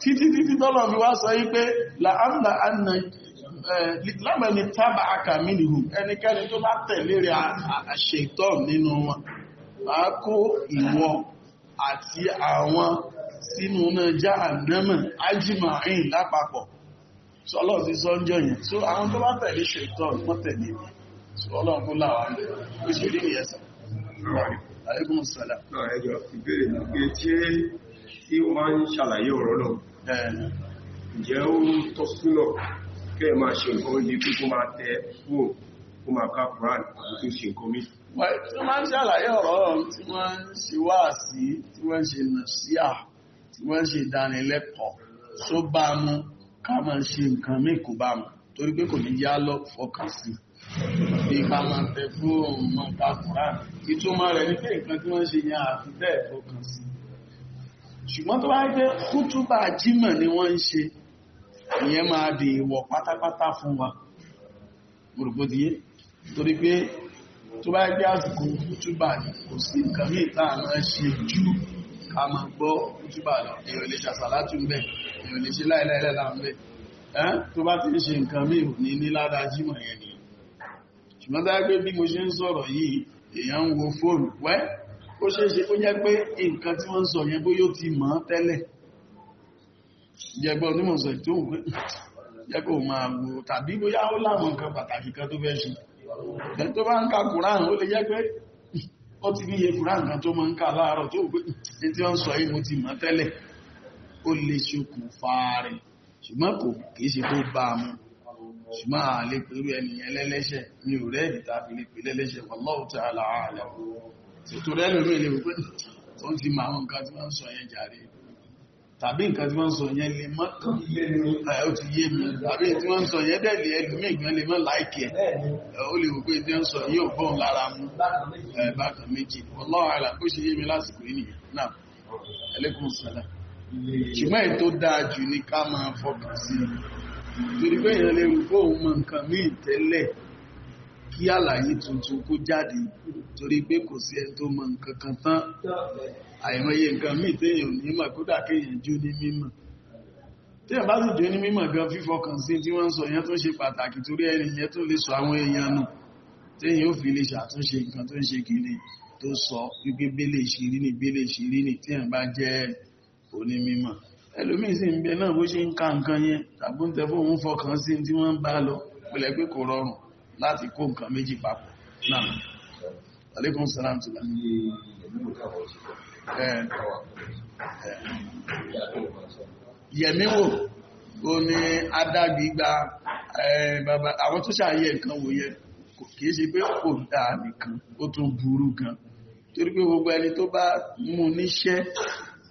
títí títí tọ́lọ̀ fi wá sọ yí pé láàmà ànà lámẹ̀lì tábà àkàmìnìhù ẹnikẹ́ni tó bá tẹ̀lé rẹ̀ àṣẹ̀tọ́ nínú wọn bá kó ìwọ àti àwọn sínú náà já àdámà ajímọ̀ àìn lápapọ̀ so ọlọ́run ti sọ́njọ́ yẹn so àwọn tó bá tẹ̀lé ṣètọ́n wọ́n tẹ̀lé mi so ọlọ́run kó láwá ń bẹ̀rẹ̀ oṣù rí ìyẹn sọ alaikum salam ẹjọ́ ìbéèrè ní pé tí ó máa ń ṣàlàyé ọ̀rọ̀ náà ǹjẹ́ ó tọ́ súnà kẹ́ ẹ̀ máa ṣe nǹkan ní pé kó máa tẹ fóòn kó máa ká Quran àti tó ṣe nǹkan mi tí wọ́n ń ṣàlàyé ọ̀rọ̀ tí wọ́n ń ṣe wáàsí tí wọ́n ń ṣe nàṣíà tí wọ́n ń ṣe ìdánilẹ́kọ̀ọ́ tó bá mú ká máa ṣe nǹkan míì kò bá mọ̀ torí pé kò ní yá lọ fọkàn sí bí ká máa tẹ fóònù máa ta kùrá ìtumọ̀ rẹ̀ ní pé nǹkan tí wọ́n ṣe yẹn àfi bẹ́ẹ̀ fọkàn sí ṣùgbọ́n tó bá jẹ́ kútúbà jímọ̀ ni wọ́n ń ṣe ìyẹn máa di ìwọ̀ pátápátá fún wa gbòrògbòdìyẹ torí pé tó bá jẹ́ àsìkò kútúbà kò sí nǹkan míì tá à ṣe ju ká máa gbọ́ kútúbà lọ èèyàn lè ṣàṣàlátù bẹ́ẹ̀ èèyàn lè ṣe láìláìlẹ́ láàmúlẹ̀ tó bá ti ń ṣe nǹkan mí ò ní ní ládájímọ̀ yẹn ni ṣùgbọ́n tá pé bí mo ṣe ń sọ̀rọ̀ yìí èèyàn ń wo fóònù wẹ́ ó ṣe é ṣe kó jẹ́ pé nǹkan tí wọ́n ń sọ yẹn bó yóò ti mọ̀ tẹ́lẹ̀ jẹgbọ́ onímọ̀ sọ tó wù jẹ́ kó máa wo tàbí bóyá ó láwọn nǹkan pàtàkì kan tó fẹ́ ṣe ẹ̀ tó bá ń ka kùránù ó lè jẹ́ pé ó ti níye kùránù kan tó máa ń ka láàárọ̀ tó wù pé tí wọ́n ó lè ṣokùnfà rẹ̀ ṣùgbọ́n kò kìí ṣe tó bá mú ṣùgbọ́n a lè pẹ̀lú ẹniyàn lẹ́lẹ́ṣẹ̀ ní òrẹ́ ìdíta fi lè pè lẹ́lẹ́ṣẹ̀ wallahu ta'ala a'lam tó rẹ́ lórí ilé wípé tó ń ti máa wọn nǹkan tí wọ́n sọ yẹn jàre tàbí nǹkan tí wọ́n sọ yẹn lè mọ́ ó ti yé mi tàbí tí wọ́n sọ yẹn dẹ̀ lè ẹlòmí ìgbọ́n lè mọ́ ṣùgbọ́n èyí tó dáa jù ní ká máa fọkàn sí torí pé èèyàn lè rú fóun mọ nǹkan míì tẹ́lẹ̀ kí àlàyé tuntun kó jáde torí pé kò sí ẹni tó mọ nǹkan kan tán àìmọye nǹkan míì téèyàn ò ní mọ̀ kódà kéèyàn jó ní mímọ̀ téèyàn bá sì jó ní mímọ̀ gan fífọkàn sí tí wọ́n ń sọ yẹn tó ṣe pàtàkì torí ẹni yẹn tó lè sọ àwọn èèyàn nù téèyàn ò fi lè ṣàtúnṣe nǹkan tó ń ṣe kiri tó sọ wípé bẹ́lẹ̀ ìṣírí ni bẹ́lẹ̀ ìṣírí ni téèyàn bá jẹ́ onímímọ̀ ẹlòmíì sì ń bẹ náà bó ṣe ń ka nǹkan yẹn tàbí ń tẹ fóun fọkàn sí tí wọ́n ń bá lọ pẹ̀lẹ́ pé kò rọrùn láti kó nǹkan méjì papọ̀ náà alaikum salam tula yẹ̀míwò ó ní adágbígba àwọn torí pé gbogbo ẹni tó bá mú níṣẹ́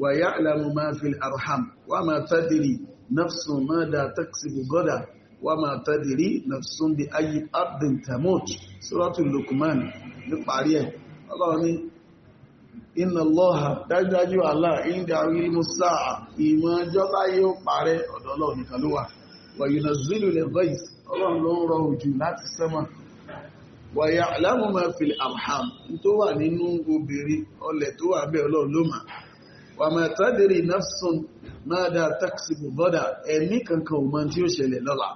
ويعلم مَا فِي الْأَرْحَمِ وَمَا تدري نفس ماذا تكسب غدا وما تدري نفس بأي أرض تموت سورة اللقمان نقاريه الله ني إن الله dájúdájú Allah عند علم الساعة ìmọ̀ ọjọ́ tá yóò parẹ́ ọ̀dọ̀ Ọlọ́run nìkan ló wà وينزل الغيث Ọlọ́run ló ń rọ òjò ويعلم ما في الأرحام tó wà nínú obìnrin ọlẹ̀ tó wà wà máa tàdírí nafsun máa dá taksibu bọ́dà ẹ̀mí kankan ò mọ̀ tí ó ṣẹlẹ̀ lọ́la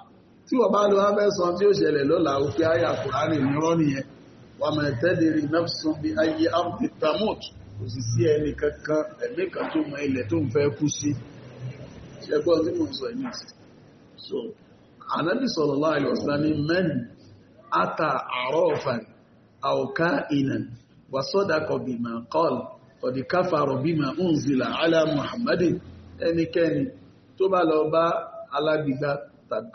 tí wọ́n bá lọ wá fẹ́ sọ tí ó ṣẹlẹ̀ lọ́la òfin àyà kùránì nírọ́ nìyẹn wà máa tàdírí nafsun bí ayé abdi tamut kò sì sí ẹni kankan ẹ̀mí kan tó mọ ilẹ̀ tó ń fẹ́ kú sí ṣẹgbọ́n tí mo sọ ẹ̀mí sí so anabi sallallahu alaihi wasallam man ata arafan aw ka'inan wa sadaqa bima qala ọ̀dì káfàrọ̀ bímọ ounzila ala muhammadin ẹnikẹ́ni tó bá lọ bá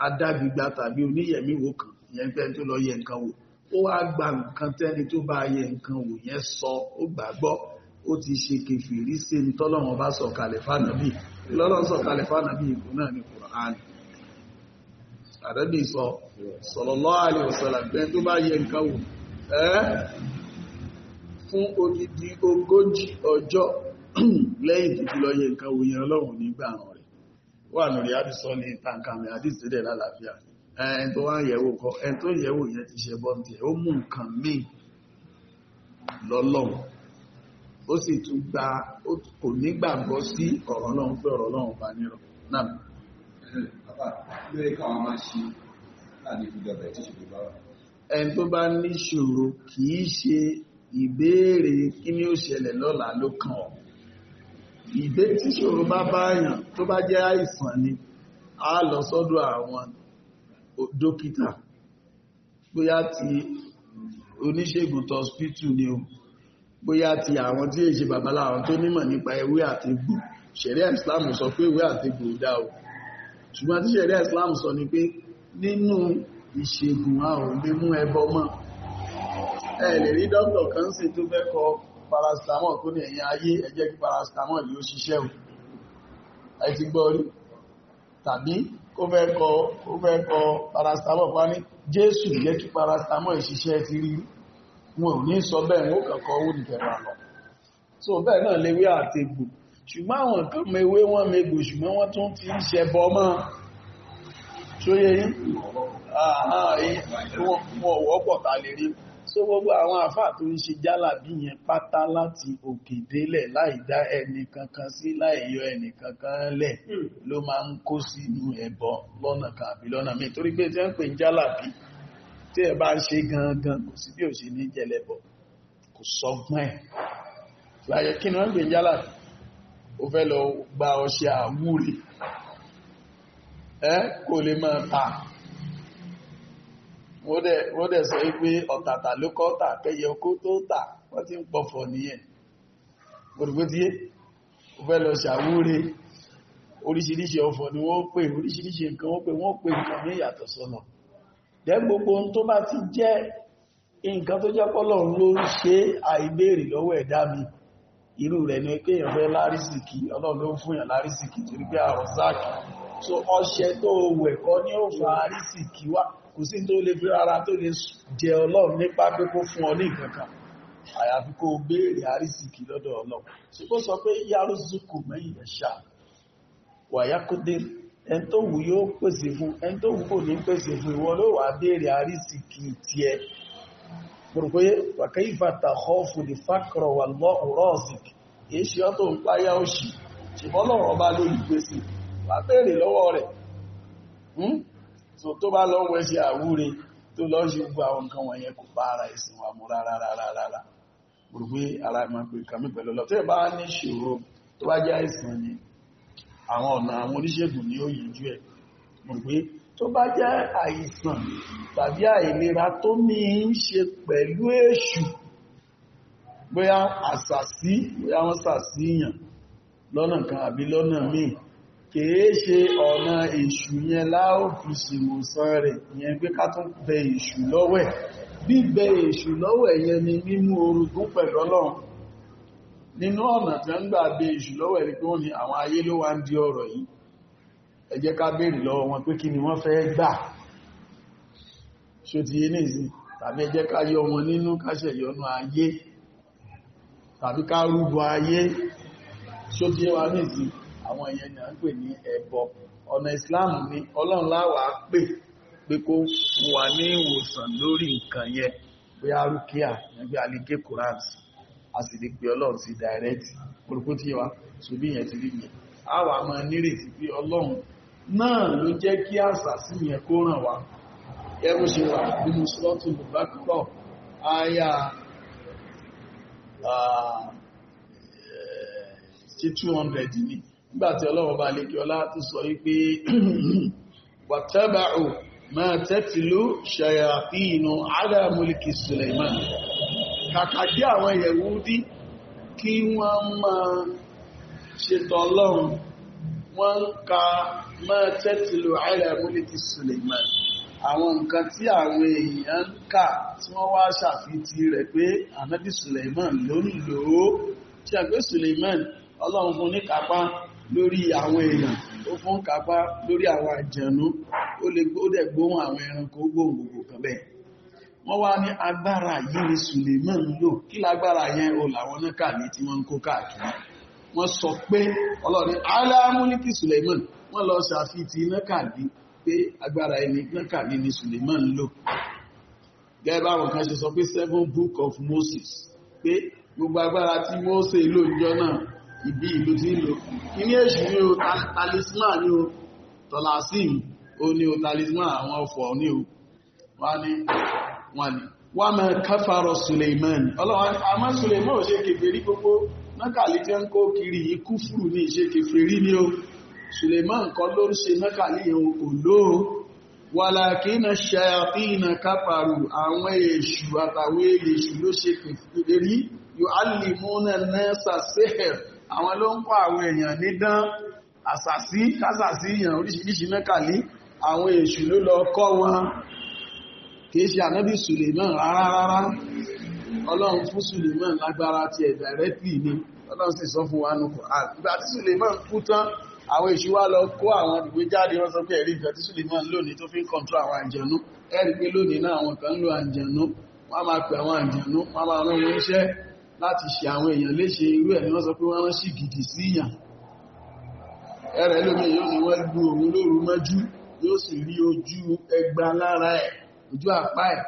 adágbígbá tàbí oníyẹ̀míwò kan yẹn pẹ́ tó lọ yẹ nǹkan wò ó wá gba nǹkan tẹ́ni tó bá yẹ nǹkan wò yẹn sọ ó gbàgbọ́ ó ti ṣe kèfèrí sí ní tọ́lọ́wọ́n bá sọ kalẹ̀ fánàbí lọ́lọ́n sọ kalẹ̀ fánàbí ìbò náà ní Kùránì àdẹ́bí sọ sallallahu alaihi wasallam tó bá yẹ nǹkan wò ẹ́ fún odidi ogójì ọjọ́ lẹ́yìn títí lọ yẹ nǹkan òyìn ọlọ́run nígbà rẹ̀ wà lórí àdìsọ́ ní tàǹkàmì àdìsílẹ̀ lálàáfíà ẹn tó wá yẹ̀wò kọ ẹn tó yẹ̀wò yẹn ti ṣe bọ́ ti ẹ̀ ó mú nǹkan míì lọ́lọ́run ó sì tún gba kò nígbàgbọ́ sí ọ̀rọ̀ náà pé ọ̀rọ̀ náà bá nírọ̀ náà ẹn tó bá níṣòro kìí ṣe ìbéèrè kí ni ó ṣẹlẹ̀ lọ́la ló kàn ọ́ ìbé tí ṣòro bá báyàn tó bá jẹ́ àìsàn ni a lọ sọ́dọ̀ àwọn dókítà bóyá ti oníṣègùn tọ́spítù ni o bóyá ti àwọn tí èṣe babaláwọn tó nímọ̀ nípa ewé àti egbò ṣẹ̀ríà Islam sọ pé ewé àti egbò dá o ṣùgbọ́n tí ṣẹ̀ríà Islam sọ ni pé nínú ìṣègùn a ò ẹbọ mọ́ ẹ lè rí dókítà kan sì tó fẹ́ kọ paracetamol kó ní ẹ̀yìn ayé ẹ jẹ́ kí paracetamol yóò ṣiṣẹ́ o ẹ ti gbọ́ rí tàbí kó fẹ́ kọ kó fẹ́ kọ paracetamol pa ní jésù jẹ́ kí paracetamol ṣiṣẹ́ ti rí wọn ò ní sọ bẹ́ẹ̀ wọn ò kàn kọ owó nìkẹ̀rọ àlọ́ so bẹ́ẹ̀ náà lewé àtegbò ṣùgbọ́n àwọn nǹkan mewé wọ́n megbò ṣùgbọ́n wọ́n tún fi ń ṣẹbọ mọ́ ṣóyẹ yìí wọ́n wọ́pọ̀ ta lè rí so gbogbo àwọn àfáà tó ń ṣe jálàbí yẹn pátá láti òkè délẹ̀ láì dá ẹnì kankan sí láì yọ ẹnì kankan lẹ̀ ló máa ń kó sínú ẹbọ lọ́nà kan àbí lọ́nà míì torí pé tí wọ́n ń pè ń jálàbí tí ẹ bá ń ṣe gangan kò sí bí ò ṣe ní jẹlẹbọ kò sọgbọ́n ẹ̀ láyé kí ni wọ́n ń pè ń jálàbí ó fẹ́ lọ gba ọṣẹ àwúre ẹ kò lè máa ta wọ́n dẹ̀ sọ wípé ọ̀tàtà ló kọ́ tà kẹyẹ okó tó tà wọ́n ti ń pọ̀fọ̀ nìyẹn gbogbogbòtíyé ó fẹ́ lọ ṣàwúre oríṣiríṣi ọ̀fọ̀ ni wọ́n pè oríṣiríṣi nǹkan wọ́n wọ́n pè nǹkan ní ìyàtọ̀ sọ́nà gbogbo ohun tó bá ti jẹ́ nǹkan tó jẹ́ lọ́wọ́ ẹ̀dá mi irú rẹ̀ ni pé èèyàn fẹ́ ọlọ́run ló ń kò sí tó lè fi ara tó lè jẹ ọlọ́run nípa pé kó fún ọ ní ìkankan àyàfi kó béèrè àrísìkì lọ́dọ̀ ọlọ́run tí kó sọ pé yárùsùkù mẹ́yìn ẹ̀ṣà wàyákúdé ẹn tó wù yóò pèsè fún ẹn tó wù kò ní pèsè fún ìwọ ló wà béèrè àrísìkì tiẹ̀ pòròpé wàkẹ́ ìfàtà ọ̀fù ní fákọrọ̀ wà lọ́ọ̀rọ̀ hmm? so tó bá lọ wẹ́ sí àwúre tó lọ sí gbogbo àwọn nǹkan wọ̀nyẹn kò bá ara ẹ̀sìn wa mú rárá rárá rárá gbogbo ara ẹ̀mọ́ pé kàmí pẹ̀lú lọ tó bá ní ṣòro tó bá jẹ́ àìsàn ni àwọn ọ̀nà àwọn oníṣègùn ni ó yìí jú ẹ̀ gbogbo tó bá jẹ́ àìsàn tàbí àìlera tó ní í ṣe pẹ̀lú èṣù bóyá àṣàsí bóyá wọ́n ṣàṣíyàn lọ́nà kan àbí lọ́nà míì kìí ṣe ọ̀nà èṣù yẹn láó fi ṣèwòsàn rẹ̀ yẹn gbé ká tún bẹ èṣù lọ́wẹ̀ bíbẹ èṣù lọ́wẹ̀ yẹn ni mímú orogún pẹ̀lú ọlọ́run nínú ọ̀nà tí wọ́n gbà bẹ èṣù lọ́wẹ̀ ni pé wọ́n ní àwọn ayé ló wá ń di ọ̀rọ̀ yìí ẹ jẹ́ ká béèrè wọn ti yé tàbí ẹ jẹ́ ká yọ wọn nínú káṣẹ̀ yọnu ayé tàbí ká rúbọ ti yé wa àwọn ìyẹn ni a ń pè ní ẹbọ ọ̀nà Islam ni ọlọ́run láwà pè pé kó fún wa ní ìwòsàn lórí nǹkan yẹn pé a rúkíà nígbé aligé Quran a sì rí pé ọlọ́run ti direct orúkú tí wa ṣubí yẹn ti rí yẹn a wà máa nírètí pé ọlọ́run náà ló jẹ́ kí àṣà sí yẹn kó ràn wá ẹrù ṣe wà nínú slọ́tù lùbákúrọ̀ àyà tí 200 ní nígbàtí ọlọ́run bá lékẹ́ ọlá tó sọ wípé wàtẹ́bàrù máa tẹ́tìlú ṣàyàtí inú adámúlìkì Suleiman kàkà kí àwọn Yẹhudi kí wọ́n máa ṣètò ọlọ́run wọ́n ka máa tẹ́tìlú adámúlìkì Suleiman àwọn nǹkan tí àwọn èèyàn ń kà tí wọ́n wá ṣàfitì rẹ̀ pé ànábì Suleiman ló ń lò ó tí àgbé Suleiman ọlọ́run fún ní kápá lórí àwọn èèyàn ó fún kápá lórí àwọn àjẹ̀nú ó lè gbódẹ̀ gbóhùn àwọn ẹranko gbóhùn gbogbo kan bẹ́ẹ̀ wọ́n wá ní agbára yìí ni Suleiman lò kí lágbára yẹn o làwọn náà kà ní tí wọ́n ń kó káàkiri wọ́n sọ pé ọlọ́ni aláàmúlìkì Suleiman wọ́n lọ sàfitì nákàlí pé agbára ẹni nákàlí ni Suleiman lò gẹ́gbà àwọn kan ṣe sọ pé seven book of Moses pé gbogbo agbára tí Moses lò níjọ́ náà ibi ìlú tí ń lò kíní èṣù ní o talisman ní o tọ́lásìm ó ní o talisman àwọn ọ̀fọ̀ ní o wá ní wọ́n ní wọ́n mẹ́ káfàrọ̀ Suleiman ọlọ́wọ́n àmọ́ Suleiman ò ṣe kèfèrí gbogbo nákàlí jẹ́ ń kó kiri yìí kúfùrù ní ìṣe kèfèrí ní o Suleiman kọ́ ló ń ṣe nákàlí yẹn kò lóo wàlàkínà ṣayàtínà kápàrù àwọn èṣù àtàwé èṣù ló ṣe kèfèrí yóò alìmúnà náà sàṣẹ́hẹ̀rẹ̀ àwọn ló ń kọ́ àwọn èèyàn nídán àsàsí kásàsí èèyàn oríṣìíríṣìí mẹ́kàlí àwọn èṣù ló lọ kọ́ wọn kìí ṣe ànábì Suleiman rárá rárá ọlọ́run fún Suleiman lágbára ti ẹ̀dà rẹ̀ pì ní ọlọ́run sì sọ fún wa nù Kùránì ìgbà tí Suleiman kú tán àwọn èṣù wá lọ kó àwọn ìwé jáde wọ́n sọ pé ẹ̀rí nǹkan tí Suleiman lónìí tó fi ń kọ̀ntró àwọn àjẹ̀nú ẹ̀rí pé lónìí náà àwọn kan ń lo àjẹ̀nú wọ́n máa pè àwọn àjẹ̀nú wọ́n máa rán wọn iṣẹ́ láti ṣe àwọn èèyàn léṣe irú ẹ̀ ni wọ́n sọ pé wọ́n sì gidi sí èèyàn ẹ̀rẹ̀ lómi yóò ní wọ́n lu òun lóru mọ́jú yóò sì rí ojú ẹgba lára ẹ̀ ojú àpá ẹ̀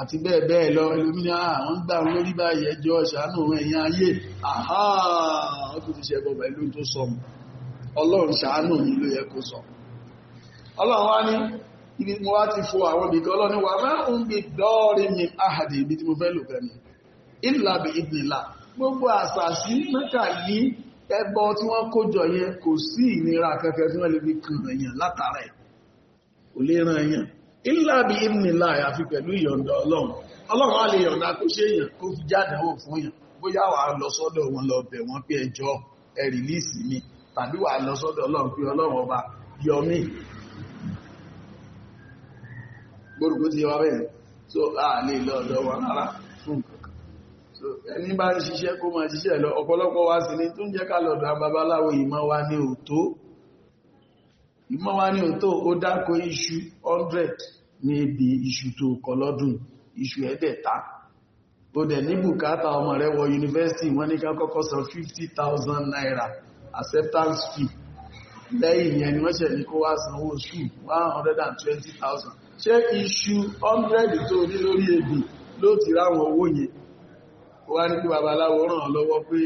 àti bẹ́ẹ̀ bẹ́ẹ̀ lọ ẹlòmínà ah, àwọn gbà lórí báyìí ẹjọ́ ṣàánú ẹ̀yàn ayé àhá ọdún ti ṣẹbọ̀ pẹ̀lú tó sọ ọlọ́run ṣàánú mi ló yẹ kó sọ ọlọ́run wá ní ibi mo wá ti fo àwọn ibìkan ọlọ́run wà mẹ́rùn-ún gbé dọ́ọ̀rí mi áhàdì ibi tí mo fẹ́ lò fẹ́ mi ìlà ìdìlà gbogbo àṣàṣì yìí ẹbọ tí wọ́n jọ yẹn kò sí ìnira kẹkẹ tí wọ́n lè fi kàn èèyàn látara ẹ̀ kò lè ran èèyàn ìlà ìdìlà àyàfi pẹ̀lú ìyọ̀ǹda ọlọ́run ọlọ́run á lè yọ̀ǹda kó ṣe èèyàn kó fi jáde wò fún bóyá wàá lọ sọ́dọ̀ wọn lọ bẹ̀ wọ́n pé ẹjọ́ ẹ rìlíìsì mi tàbí wàá lọ sọ́dọ̀ ọlọ́run pé ọlọ́run ọba yọ mí gbórùkú ti a wọn rárá ẹni bá ń ṣiṣẹ́ kó máa ṣiṣẹ́ lọ ọ̀pọ̀lọpọ̀ wa sì ni tó ń jẹ́ ká lọ́dọ̀ babaláwo ìmọ̀ wa ní òtó ìmọ̀ wa ní òtó ó dákọ iṣu 100 ní ebi iṣu tó kọ iṣu ẹ̀ẹ́dẹ̀ta ó dẹ̀ ní bùkátà ọmọ rẹ̀ wọ yunifásitì wọ́n ní kọ́kọ́ san 50,000 naira acceptance fee lẹ́yìn yẹn ni wọ́n ṣẹ̀ ní kó wá sanwó oṣù 120,000 ṣé iṣu 100 tó ní lórí ebi ló ti ráwọn owó yẹn wá ní kí babaláwo ràn lọ́wọ́ pé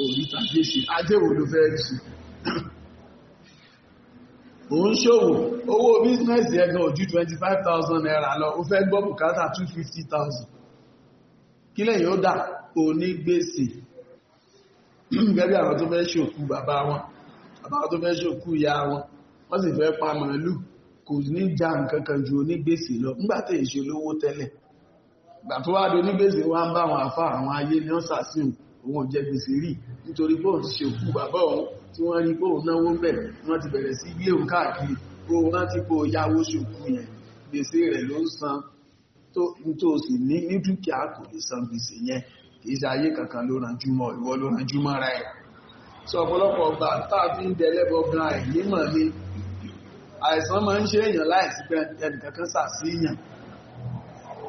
òòlù tàbí èsì ajéwò ló fẹ́ sí òun ṣòwò owó bíznẹ́sì ẹgbẹ́ ojú 25,000 naira lọ ó fẹ́ gbọ́ bùkátà 250,000 kí lẹ́yìn ó dà onígbèsè gẹ́gẹ́ àwọn tó fẹ́ ṣòkú bàbá wọn àbáwọn tó fẹ́ ṣòkú ìyá wọn wọ́n sì fẹ́ pa màálù kò ní já nǹkan kan ju onígbèsè lọ nígbàtẹ̀ ìṣòlówó tẹ́lẹ̀ gbàtó wá do ní gbèsè wá ń bá àwọn àfá àwọn ayé ní ọ́sà sí òun ò jẹ gbèsè rí nítorí pé òun ṣe òkú bàbá òun tí wọ́n rí pé òun náwó ń bẹ̀ wọ́n ti bẹ̀rẹ̀ sí ilé òun káàkiri pé òun rántí pé ó yáwó ṣòkú yẹn gbèsè rẹ̀ ló ń san tó sì ní ní dúkìá kò lè san gbèsè yẹn kìí ṣe ayé kankan ló ranjú mọ́ ìwọ ló ranjú mọ́ ra ẹ̀ sọ ọ̀pọ̀lọpọ̀ ọgbà táà fi ń dẹlẹ́bọ gan àìnímọ̀ ni àìsàn máa ń ṣe èèyàn láìsí ẹnìkankan sàṣíyàn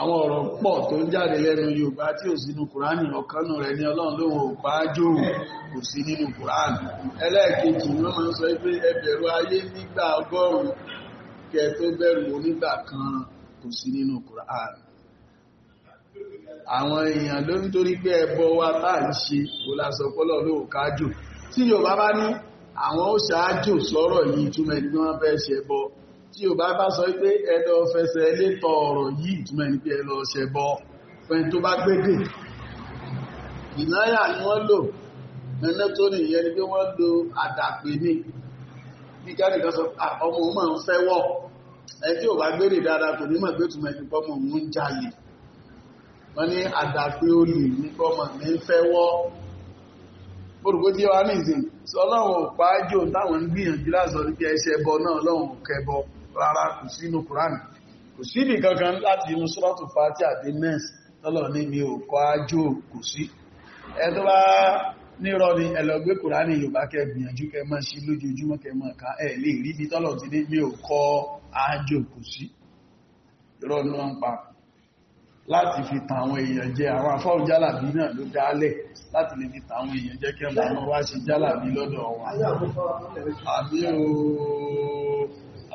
àwọn ọ̀rọ̀ pọ̀ tó ń jáde lẹ́nu Yorùbá tí ò sínú Kùránì ọ̀kanú rẹ̀ ní Ọlọ́run ló wọ pàájò kò sí nínú Kùránì ẹlẹ́ẹ̀kejì wọ́n máa ń sọ pé ẹ bẹ̀rù ayé nígbà ọgọ́rùn-ún kẹ tó bẹ̀rù onígbà kan kò sí nínú Kùránì àwọn èèyàn ló ń torí pé ẹbọ wa bá ń ṣe kò lásọ pọ́lọ̀ ló kájò tí Yorùbá bá ní àwọn ó ṣáájò sọ̀rọ̀ yìí túmọ̀ ẹni wọ́n fẹ́ ṣẹbọ tí ò bá bá sọ pé ẹlọ fẹsẹ̀ létọ̀ ọ̀rọ̀ yìí ìtumọ̀ ní pé ẹlọ ṣẹbọ fẹ́ tó bá gbédè ìnáyà ni wọ́n lò ẹ̀nà tó ní ìyẹn ni pé wọ́n lo àdàpè ní bí kẹ́nìkan sọ ọmọ ọmọ ń fẹ́ wọ̀ ẹ tí ò bá gbédè dáadáa kò ní mọ̀ pé tùmọ̀ ẹni pọ́mọ ń jalè wọ́n ní àdàpè olè ní pọ́mọ ní ń fẹ́ tí wọ́n á nìsín sọ ọlọ́run ò táwọn ń gbìyànjú láti sọ ní kí ẹ ṣẹbọ náà ọlọ́run ò kẹbọ rárá kò sínú kùránì kò sí ibi kankan láti inú sọ́rọ̀tù fàtí àti nẹ́ẹ̀sì tọ́lọ̀ ní mi ò kọ́ ájò kò sí ẹ tó bá nírọ̀ ni ẹ lọ gbé kùránì yorùbá kẹ gbìyànjú kẹ máa ṣí lójoojúmọ́ kẹ máa ká ẹ lè rí bí tọ́lọ̀ ti ní mi ò kọ́ ájò kò sí irọ́ ni wọ́n ń pa láti fi tàn àwọn èèyàn jẹ àwọn afọ́rùn jálàbí náà ló dálẹ̀ láti lè fi tàn àwọn èèyàn jẹ kí ọmọ wá ṣe jálàbí lọ́dọ̀ wọn àbí ooo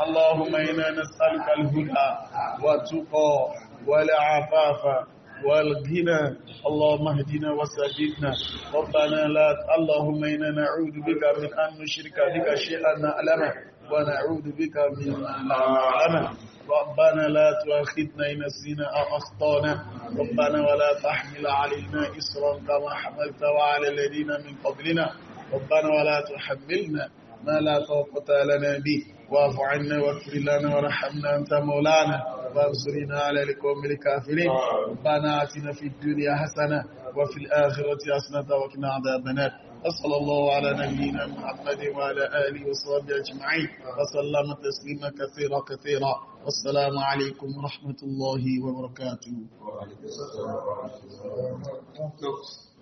اللهم إنا نسألك الهدى والتقى والعفاف والغنى اللهم اهدنا وسددنا ربنا لا اللهم إنا نعوذ بك من أن نشرك بك شيئا نعلمه ونعوذ بك من العالم ربنا لا تؤاخذنا إن نسينا أو أخطأنا ربنا ولا تحمل علينا إسرا كما حملت وعلى الذين من قبلنا ربنا ولا تحملنا ما لا طاقة لنا به واعف عنا واغفر لنا وارحمنا انت مولانا وانصرنا على القوم الكافرين ربنا اتنا في الدنيا حسنه وفي الاخره حسنه وقنا عذاب النار وصلى الله على نبينا محمد وعلى اله وصحبه اجمعين وسلم تسليما كثيرا كثيرا والسلام عليكم ورحمه الله وبركاته وعليكم السلام ورحمه الله وبركاته